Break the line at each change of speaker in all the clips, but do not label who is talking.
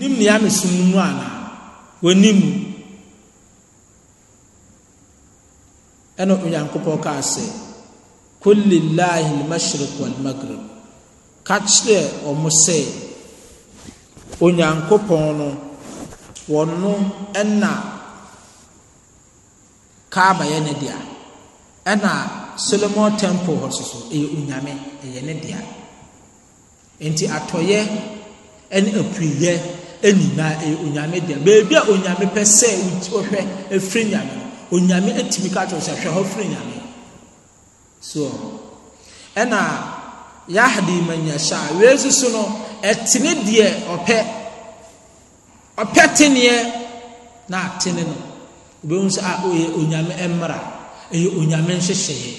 nim ne yɛamesem no anaa wɔnim ɛna onyankopɔn kaa sɛ kul lilahi lmashrik walmagrib ka kyerɛ ɔmo sɛ onyankopɔn no wɔno ɛna kaaba yɛ ne dea ɛna solomon temple hɔ soso ɛyɛ onyame ɛyɛ ne dea enti atɔyɛ ɛne apuiyɛ nyinaa ɛyɛ e, onyame dea beabi a onyame pɛ sɛ wohwɛ afiri nyame no onyame atumi ka kyerɛ sɛ hwɛ hɔ firi nyame so ɛna yahdi manyashaa wei soso no ɛtene deɛ ɔpɛ ɔpɛ teneɛ na atene no wobɛhu sɛ a ɔyɛ onyame mmara ɛyɛ onyame nhyehyɛeɛ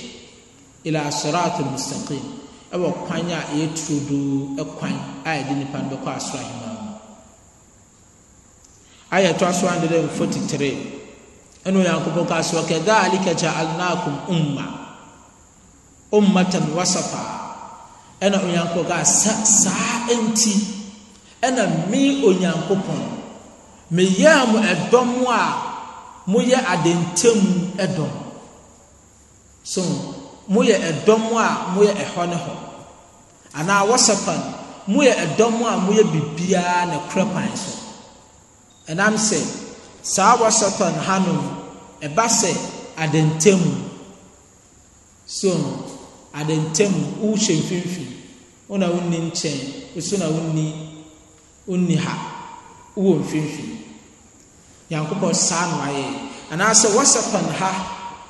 ila sirat mustaqim ɛwɔ kwan a ɛyɛ turodoo ɛkwan a ɛde nnipa no bɛkɔ asoro ayɛ ɛtɔ so 143 ɛne onyankopɔn kaa sɛ wakadhalika jaalnakum umma ummatan wasafa ɛna onyankopɔn kaa sa saa nti ɛna me onyankopɔn meyɛɛ mo ɛdɔm a moyɛ adentam ɛdɔm so moyɛ ɛdɔm a moyɛ ɛhɔ ne hɔ anaa wasafa moyɛ ɛdɔm a moyɛ biribiara ne korɛ pan so ɛnam sɛ saa wasatan hanom ɛba sɛ adantam so adantam wohyɛ mfimfini wona wonni nkyɛn woso na wonni wonni ha wowɔ mfimfini nyankopɔn saa no ayɛ anaasɛ wasatan ha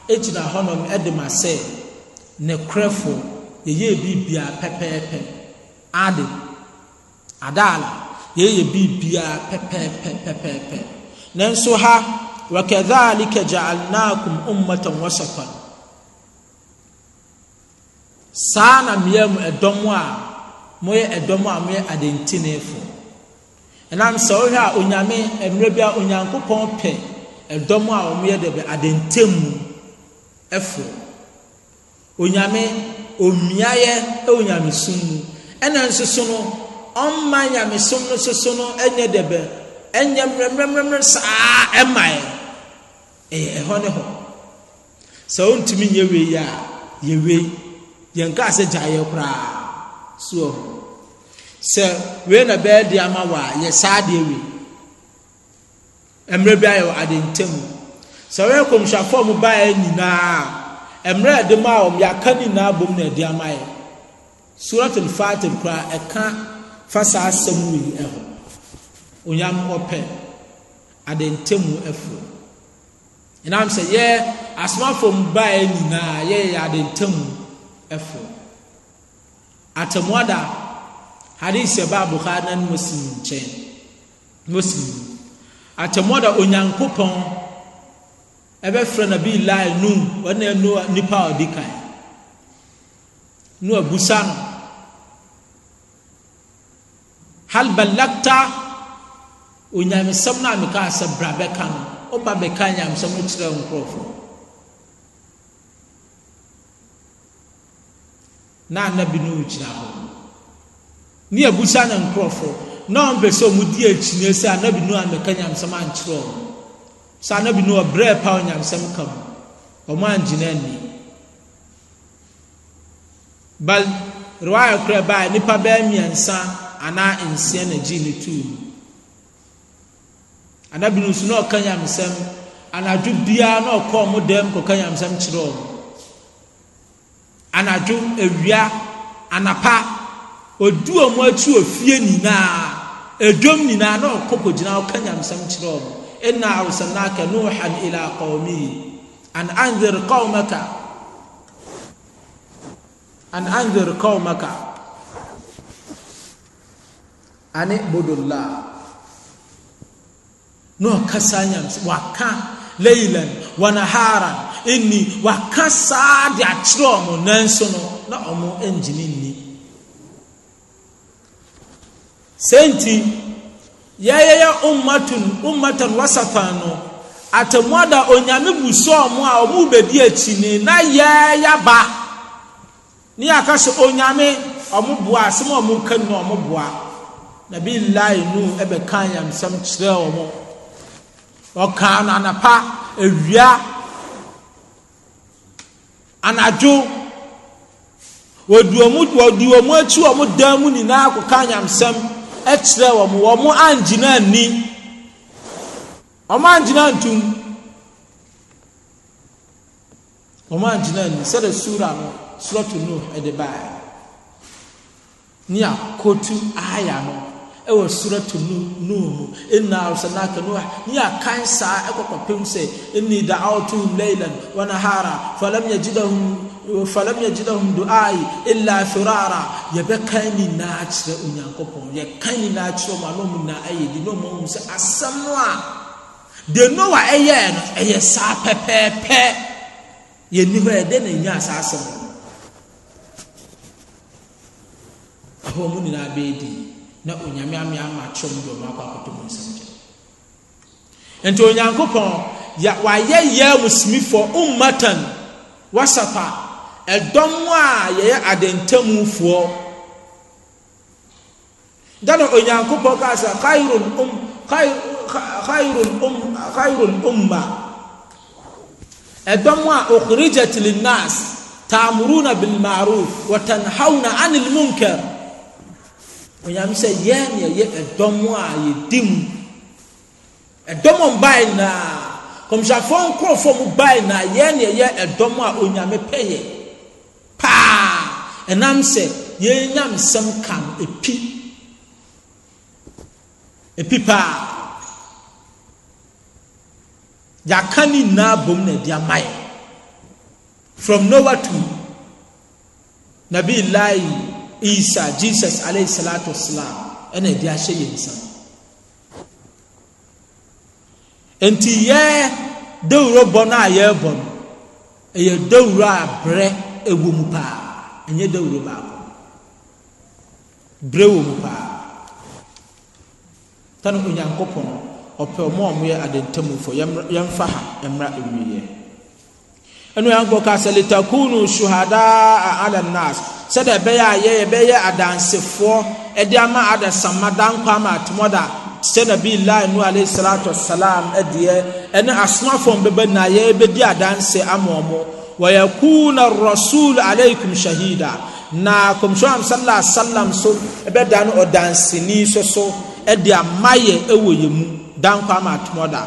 gyina hɔnom ɛde ma sɛ nekorɛfoɔ yɛyɛ biribia pɛpɛɛpɛ ade adaala yɛyɛ biribiaa pɛpɛɛpɛpɛpɛpɛ nanso ha wakadhalika jaalnakum ummatan wasatan saa na mmea mu ɛdɔm a moyɛ ɛdɔm a moyɛ adentinefo ɛnam sɛ wohwɛ a onyame mmerɛ bi a onyankopɔn pɛ ɛdɔm a wɔyɛ dɛ bɛ adentem mu ɛfo onyame omiayɛ ɛwɔ nyamesum mu ɛna nsoso no ɔmma nyamesom no soso no nyɛ dɛbɛ nyɛ mmerɛmmerɛmmerɛ saa ɛmaɛ ɛyɛ ɛhɔ e, ne hɔ sɛ wontumi nyɛ wei a yɛwei yɛnkaa sɛ gyaeɛ koraa so wɔ hɔ sɛ wei na bɛyɛ de ama wɔ a yɛ saa deɛ wei mmerɛ bi ayɛ wɔ adentam sɛ wɔyɛ kɔmhyɛfoɔ mu baeɛ nyinaa mmerɛ a ɛde ma a wɔn yɛaka nyinaa bom na ɛde ama yɛ suratul fatir koraa ɛka fa saa asɛm wei ɛho onyam ɔpɛ adantamu ɛfo ɛnam sɛ yɛ asomafo mbaeɛ nyinaa yɛyɛ adantamu ɛfo atamuada hadisi ɛba abuha na ne muslim nkyɛn muslim atamuada onyankopɔn ɛbɛfrɛ na bi lai num wɔn na nipa a ɔdi kan no abusa no. hal balagta onyamesɛm no a mekaa sɛ bra bɛka no woba bɛka nyamesɛm no kyerɛ nkurɔfoɔ na anabi no gyina hɔ ne abusa ne nkurɔfoɔ na ɔmpɛ sɛ ɔmudi akyinɛ sɛ anabi no ammɛka nyamesɛm ankyerɛ ɔ sɛ anabi no ɔbrɛ pa onyamesɛm ka mu ɔmo angyina ani bal riwaya koraa baa nipa bɛɛ mmiɛnsa anaa nsia na gyi ne tuu anabinu nso na ɔka nyamsɛm anadwo biara na ɔkɔ ɔmo dɛm kɔka nyamsɛm kyerɛ ɔmo anadwo awia anapa odu ɔmo akyi ofie nyinaa edwom nyinaa na ɔkɔ kɔgyina ɔka nyamsɛm kyerɛ ɔmo ɛnna awusanaka nuuhan ila kɔɔmi an anzir kɔɔmaka an anzir kɔɔmaka ane bodola na kasa saa nyamsɛ waka leilan wanahara ɛnni waka saa de akyerɛ ɔmo nanso no na ɔmo ɛngyine nni sɛ nti yɛyɛyɛ ummatun ummatan wasatan no atamuada onyame busu ɔmo a ɔmo bɛdi akyi ne na yɛyɛ ba ne yɛaka sɛ onyame ɔmo boa asɛm a ɔmo ka ɔmo boa nabi lai nu ɛbɛka nyamsɛm kyerɛ wɔn ɔka no anapa awia anadwo wɔdi wɔn wɔdi wɔn akyi wɔn dan mu nyinaa kɔka nyamsɛm ɛkyerɛ wɔn wɔn angyina ani wɔn angyina ntum wɔn angyina ani sɛdeɛ suura no sorɔto no ɛde baa ne akotu aya no ɛwɔ suratu nuur mu inna arsalnaka nuh ne akan saa ɛkɔkɔpem sɛ inni da'awtuhum laylan wa nahara falam yajidahum falam yajidahum du'ai illa firara yɛbɛkan nyinaa kyerɛ onyankopɔn yɛkan nyinaa kyerɛ ɔmo ano mu na ɛyɛ de ne ɔmo ahum sɛ asɛm no a deɛ noa ɛyɛɛ no ɛyɛ saa pɛpɛɛpɛ yɛni hɔ yɛde na enya saa asɛm ɛhɔ ɔmo nyinaa bɛyɛ dii na onyame ame ama akyerɛ mu deɛ ɔma akɔ akɔtɔ mu nsɛm gya nti onyankopɔn wayɛ yɛ musumifoɔ ummatan wasafa ɛdɔm a yɛyɛ adantamufoɔ dana onyankopɔn kaa sɛ khairun um khairun um khairun umma ɛdɔm a ukhrijat linnas ta'muruna bil ma'ruf 'anil munkar onyame sɛ yɛn ne ɛyɛ ɛdɔm a yɛdi mu ɛdɔm a mbae nyinaa kɔmhyɛfoɔ nkorɔfoɔ mu bae na yɛn ne ɛyɛ ɛdɔm a onyame pɛ yɛ paa ɛnam sɛ yɛn nyamsɛm kam epi epi paa yɛaka ne nyinaa bom na ɛde ama yɛ from nowhere to nabi ilayi isa jesus alayhi salatu wasalam ɛna ɛde ahyɛ yɛn nsa nti yɛ dawuro bɔ no a yɛrebɔ no ɛyɛ dawuro a brɛ ɛwɔ mu paa ɛnyɛ dawuro baako brɛ wɔ mu paa tani onyankopɔn ɔpɛ ɔmo a ɔmo yɛ adantamufo yɛmfa ha mmra ewieɛ ɛnu yankopɔn kaasa litakunu shuhada a ala nas sɛdeɛ ɛbɛyɛ a yɛyɛ bɛyɛ adansefoɔ de ama adasama dankwa ama atomɔda sɛdeɛ bi lai nu alayhi salatu wasalam adeɛ ɛne asomafoɔ bɛbɛ na yɛbɛdi adanse ama wɔn wɔyɛkuuna rasul aleikum shahida na kɔmhyɛn sallallahu alaihi wasallam so ɛbɛda no ɔdanseni so so ɛde ama yɛ ɛwɔ yɛn mu dankwa ama atomɔda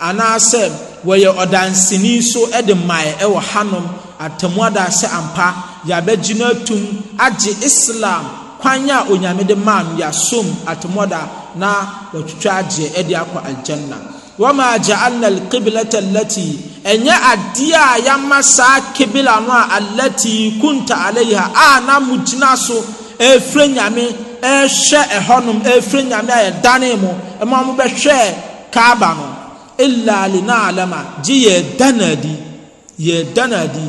anaasɛ wɔyɛ ɔdanseni so ɛde maa ɛwɔ hanom atammuada ahyɛ ampa yɛabɛgyina atum agye islam kwan a onyame de maa no yɛasom atammuada na wɔatwitwa agyeɛ ɛde akɔ aljanna wama ja'alna alqiblata allati ɛnyɛ adeɛ a yɛama saa kibila no a allati kunta alaiha a na mo gyina so ɛfirɛ nyame ɛhwɛ ɛhɔnom ɛfirɛ nyame a yɛdane mo ɛma mo bɛhwɛ kaaba no illa linaalama gye yɛda dana adi yɛda dana adi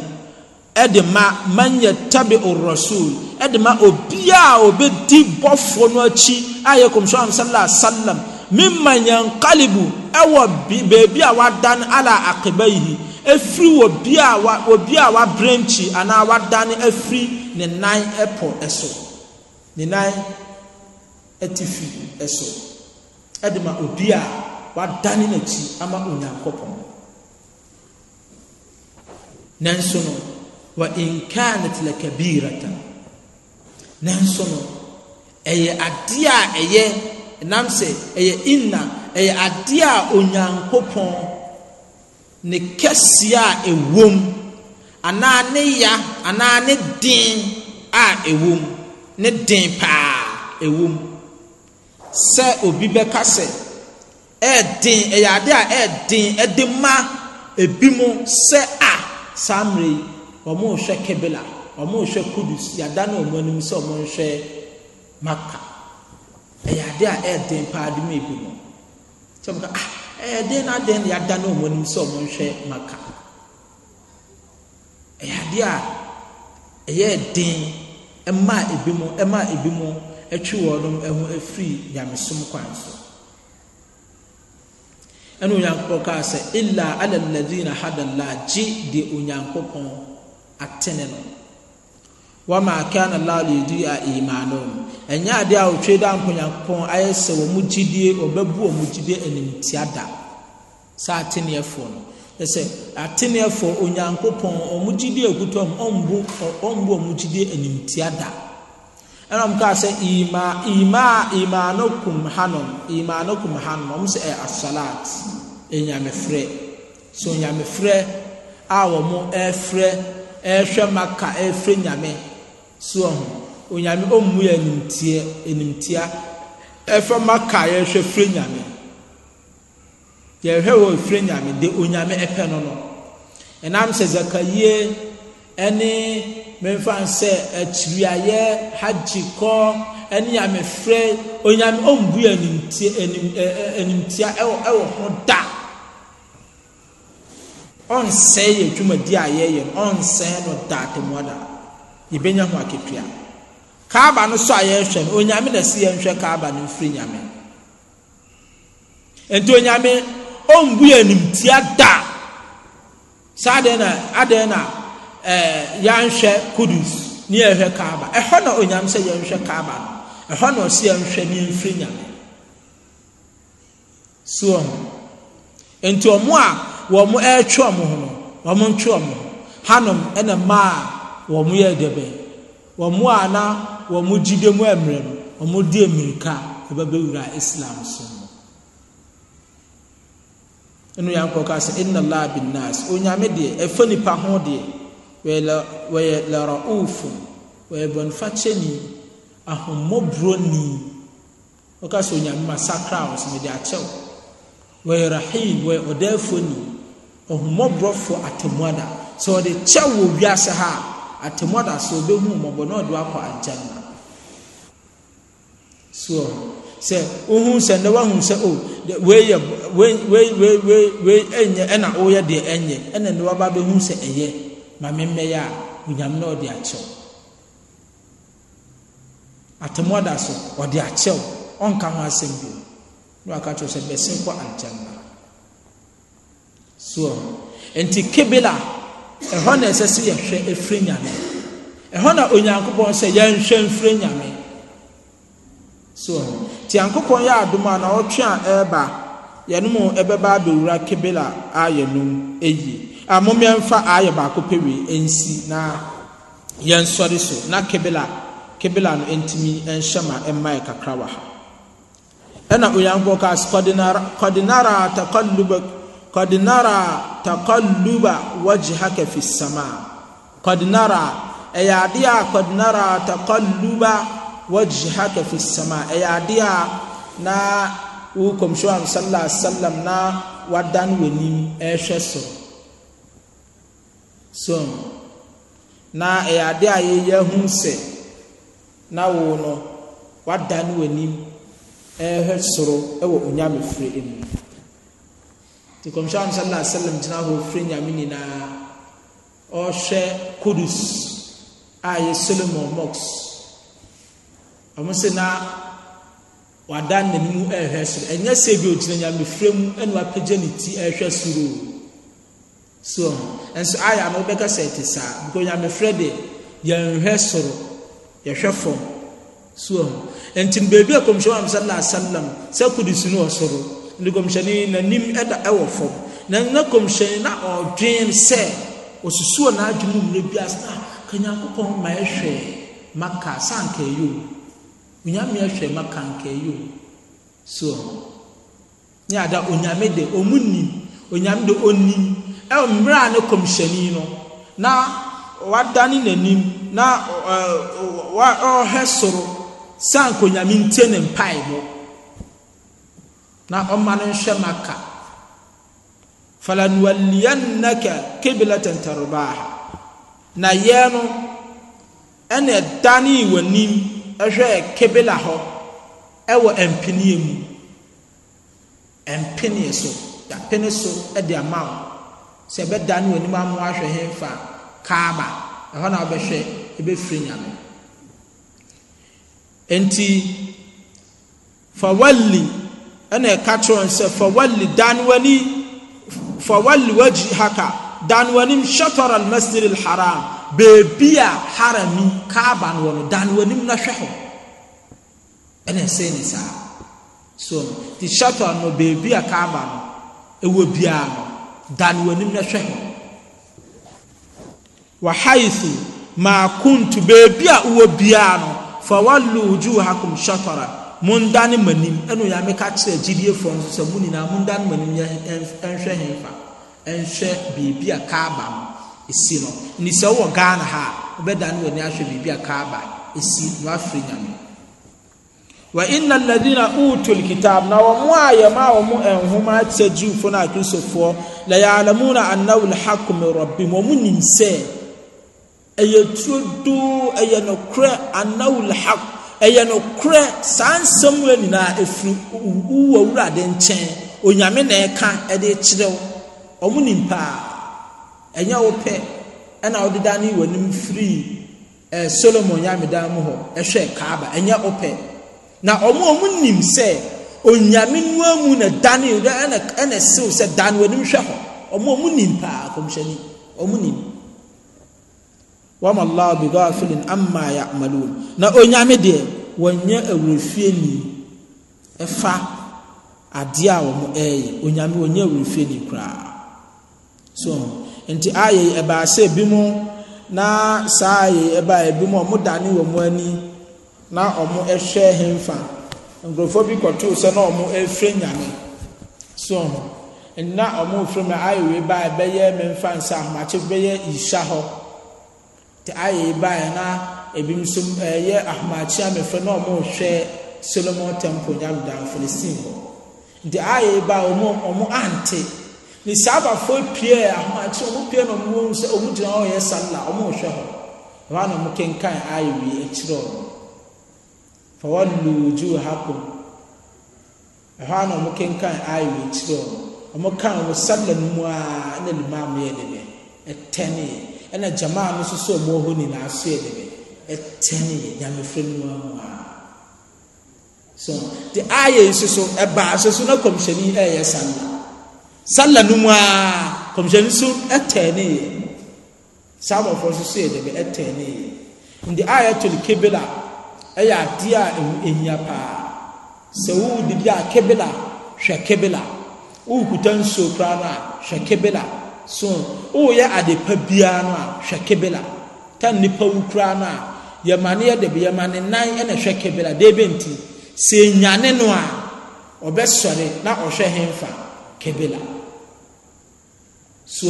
ɛde ma man yattabi'u rasul ɛde ma obiaa obɛdi bɔfoɔ no akyi a yɛ kɔmhyɛ am sala alaihi wasallam mimma yankalibu ɛwɔ beebi a wadan ala akibaihi efiri wɔ bia a wa obi a wabrɛnkyi anaa wadan efiri ne nan ɛpɔ ɛso ne nan ɛtifi ɛso ɛde ma obi a wadan n'akyi ama onyankopɔn nanso no. وإن كانت لكبيرة nanso no ɛyɛ adeɛ a ɛyɛ nam sɛ ɛyɛ inna ɛyɛ adeɛ a onyankopɔn ne kɛseɛ a ɛwom anaa ne ya anaa ne den a ɛwom ne den paa ɛwom sɛ obi bɛka sɛ ɛɛden ɛyɛ adeɛ a ɛɛden ɛde ma ebi mo sɛ a saa mmerɛ yi wɔrehwɛ kebila wɔrehwɛ kudus yɛada na wɔn anim sɛ wɔrehwɛ maka ɛyɛ adeɛ a ɛyɛ den paa de mu ebi no kyɛ mo ka ah ɛyɛ den na den na yɛada na wɔn anim sɛ wɔrehwɛ maka ɛyɛ adeɛ a ɛyɛ den ɛma ebi mo ɛma ebi mo ɛtwi wɔn ho ɛfiri nyamesom kwan so. ɛne onyankopɔn kaa sɛ ila ala alladina gye deɛ onyankopɔn atene no wama kana allah yudi a imanum ɛnyɛ ade a ɔtwe da nkonyankopɔn ayɛ sɛ wɔ mu gyidie ɔbɛbu wɔ mu gyidie animtia da saa ateneɛfoɔ no ɛ sɛ ateneɛfoɔ onyankopɔn ɔmo gyidie akuta mu ɔmbu ɔmbu ɔmo gyidie animtia da ɛnna ɔmo kaa sɛ ima ima imanokum hanom imanokum hanom ɔmo sɛ ɛyɛ asalat enyamefrɛ so enyamefrɛ a wɔn ɛɛfrɛ. ɛhwɛ maka ɛfrɛ nyame soɔ ho onyame ɔmmu yɛ animtiɛ enimtia ɛfɛ maka yɛhwɛ frɛ nyame yɛhwɛ wɔ frɛ nyame de onyame ɛpɛ no no ɛnam sɛ zakayie ɛne memfan sɛ akyiriayɛ hagye kɔ ɛne nyame frɛ onyame ɔmmu yɛ animtia ɛwɔ ɛwɔ ho da ɔnsɛe yɛ adwumadi a yɛyɛ no ɔnsɛe no da atemmuada yɛbɛnya ho akatua kaaba no so a yɛrehwɛ no onyame na si yɛnhwɛ kaaba no mfiri nyame enti onyame ɔmbu yɛ animtia da saa adeɛ na adeɛ na ɛɛ eh, yɛanhwɛ kudus ne yɛhwɛ kaaba ɛhɔ na onyame sɛ kaaba na ɔsi ne nyame wɔn ɛretwe wɔn ho no wɔn ntwe wɔn ho hanom ɛna mmaa wɔn yɛ dɛbɛ wɔn a na wɔn gyide mu mmerɛ no wɔn di mmirika ɛbɛbɛwura islam so no ɛnu yɛn akɔ kaa sɛ ɛnna laabi naas onyame deɛ ɛfɛ nipa ho deɛ wɔyɛ lɛ wɔyɛ lɛrɛ oofo wɔyɛ bɔnfakyɛni ahommoboroni wɔka sɛ onyame ma sakra wɔ so mede akyɛw wɔyɛ rahim wɔyɛ ɔdaafoɔ ɔhomɔborɔfoɔ atemmuada sɛ ɔde kyɛ wɔ wiase ha a atemmuada sɛ ɔbɛhu mmɔbɔ na ɔde wakɔ agyanna soɔ sɛ wohu sɛ ndɛ woahu sɛ o oh, weiyɛ wei ɛnyɛ ɛna woyɛ deɛ ɛnyɛ ɛna ndɛ woaba bɛhu sɛ ɛyɛ ma memmɛyɛ a onyame na ɔde akyɛw atemmuada so ɔde akyɛw ɔnka ho asɛm bio na waka kyerɛ sɛ bɛsen kɔ agyanna soɔ nti kebela ɛhɔ na ɛsɛ sɛ yɛhwɛ efiri nyame ɛhɔ na onyankopɔn sɛ yɛnhwɛ nfiri nyame soɔ nti nyankopɔn yɛ adom a na ɔtwe a ɛreba yɛnum ɛbɛba abɛwura kebela a yɛnom ɛyie a mommɛmfa ayɛ baako pɛ nsi ɛnsi na yɛnsɔre so na kebela kebela no ntumi nhyɛ ma ɛmma yɛ kakra wɔ ha ɛna onyankopɔn kaa sɛ kɔdenara takallubak kɔde nara takɔluba wajihaka fi sama kɔde nara ɛyɛ adeɛ a kɔde nara takɔluba wajihaka fi sama ɛyɛ adeɛ a na wo kɔmhyɛ wa sallallahu alaihi wasallam na wadan w'anim ɛrehwɛ soro so na ɛyɛ adeɛ a yɛyɛ ho sɛ na wo no wadan w'anim ɛrehwɛ soro ɛwɔ onyamefiri mu nti kɔmhyɛn sallallahu alaihi wasallam gyina hɔ firi nyame nyinaa ɔrehwɛ kudus a yɛ solomon mox wɔn sɛ na wada n'anim ɛrehwɛ soro ɛnyɛ sɛ bi ogyina nyame fira mu ɛna wapagya ne ti ɛrehwɛ soro so nso ayɛ ano bɛka sɛ ɛte saa because nyame fira de yɛnhwɛ soro yɛhwɛ fam so nti beebi a kɔmhyɛn sallallahu alaihi wasallam sɛ kudus no wɔ soro ne kɔmhyɛni n'anim ɛda ɛwɔ fam na ne kɔmhyɛni na ɔdwen sɛ osusuo n'adwene mu bi ase na kanyankopɔn ma ɛhwɛ maka sanka eyo onyame ɛhwɛ maka nka eyo so ne ada onyame de ɔmu nim onyame de ɔnim ɛwɔ mmerɛ a ne kɔmhyɛni no na wadane n'anim na ɔhɛ soro sanka onyame ntie ne mpae na ɔma no nhwɛ maka falanuwaliyannaka kiblatan tarbaha na yɛn no ɛna ɛdanee w'anim ɛhwɛ kibla hɔ ɛwɔ mpeneɛ mu mpeneɛ so yɛapene so ɛde ama wo sɛ ɛbɛdane w'anim amo ahwɛ he fa kaaba ɛhɔ na wobɛhwɛ ɛbɛfiri nyame enti fawalli ɛna ɛka kyerɛ wɔn sɛ fawalli dan w'ani fawalli wagyi haka dan w'anim shatar almasjid alharam beebi a harami kaaba no wɔ no dan w'anim na hwɛ hɔ ɛna ɛsɛ ne saa so ti shatar no beebi a kaaba no ɛwɔ biara no dan na hwɛ hɔ wa haithu kuntu beebi a ɛwɔ biara no fawalli wujuhakum shatara mondane m'anim ɛna onyame ka kyerɛ agyidiefoɔ nso sɛ mo nyinaa mondane m'anim nhwɛ hemfa nhwɛ biribi a kaaba no esi no ne sɛ wɔ ghana ha a wobɛdane w'ani ahwɛ biribi a kaaba esi na wafiri nyame wa inna alladhina utul kitab na wɔn a yɛma a wɔn nhoma akyerɛ jiwfoɔ no akristofoɔ la ya'lamuna annahu alhaq min rabbihim wɔn nim sɛ ɛyɛ turodoo ɛyɛ nokorɛ annahu alhaq ɛyɛ nokorɛ saa nsɛm wɔ nyinaa ɛfiri wura de nkyɛn onyame na ɛka ɛde kyerɛw ɔmo nim paa ɛnyɛ wo pɛ ɛna wode da ne w'anim firii ɛɛ solomon nyamedan mu hɔ ɛhwɛ kaaba ɛnyɛ wo pɛ na ɔmo ɔmo nim sɛ onyame nua mu na dane ɛna ɛna sew sɛ dane w'anim hwɛ hɔ ɔmo ɔmo nim paa kɔmhyɛni ɔmo nim. wama llah bigafilin ama yamaloun na onyame deɛ wɔanyɛ awurɛfieni ɛfa adeɛ a wɔ mo ɛyɛ onyame wɔnyɛ awurɛfieni koraa so nti ayɛi ɛbaa sɛ bi mu na saa ayɛi ɛbaa bi mu ɔmo dane wɔ mo ani na ɔmo ɛhwɛ hemfa nkurɔfoɔ bi kɔtoo sɛ na ɔmo ɛfirɛ nyame so nna ɔmo mfiri mu ayɛwei baa ɛbɛyɛ memfa nsa ahomakye bɛyɛ ihya hɔ nti ayɛ yi baeɛ na ebi nso ɛyɛ eh, ahomakyia mɛfɛ na wɔn rehwɛ solomon temple nyamdan filistin hɔ nti ayɛ yi baeɛ wɔn wɔn ante ne saabafoɔ pie ahomakyia wɔn pie na wɔn sɛ wɔn gyina hɔ yɛ sanla wɔn rehwɛ hɔ wɔn na wɔn kenkan ayɛ wie akyerɛ wɔn fa wɔn luuju ha kom ɛhɔ na wɔn kenkan ayɛ wie akyerɛ wɔn wɔn kan wɔn sanla no mu a ɛna limam yɛ de bɛ ɛtɛnee ɛna gyamaa no so sɛ ɔmo hɔ nyinaa so yɛ dɛbɛ ɛtɛne yɛ nyamefrɛ no mu a so de ayɛ nso so ɛbaa nso so na kɔmhyɛni ɛɛyɛ sanna sanna no mu a kɔmhyɛni so ɛtɛne yɛ saa abɔfra nso so yɛ dɛbɛ ɛtɛne yɛ nde ayɛ tol kebela ɛyɛ adeɛ a ɛho ehia paa sɛ wɔwɔ de a kebela hwɛ kebela wɔwɔ kuta nsuo koraa no a hwɛ kebela so woyɛ adepa biara no a hwɛ kebela ta nipa wo kura no a yɛma ne yɛ Debi yɛma ne nan ɛna hwɛ kebela deebe nti sɛ enyane no a ɔbɛsɔre na ɔhwɛ henfa kebela so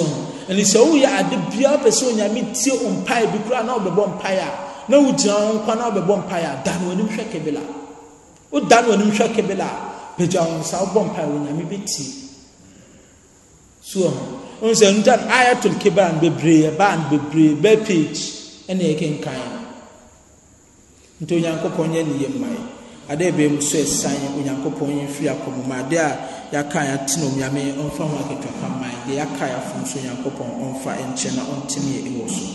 ɛni sɛ woyɛ ade biara pɛ sɛ onyame tie mpae bi kura na ɔbɛbɔ mpae a na wogyina wɔn nkwa na ɔbɛbɔ mpae a dan wɔn anim hwɛ kebela wodan oh, wɔn anim hwɛ kebela a pagya wɔn nsa wobɔ mpae onyame bi tie so ɔhu sɛ nta no ayatul kiban bebree ban bebree bɛ page ɛne yɛkenkan no nti onyankopɔn yɛ ne yɛ mmae adeɛ bɛɛ mu so ɛsan onyankopɔn yɛ mfiri akɔmɔ mu adeɛ a yɛaka yɛatena onyame ɔmfa ho akatwaka mman deɛ yɛaka yɛafom so onyankopɔn ɔmfa nkyɛ na ɔntene yɛ ɛwɔ so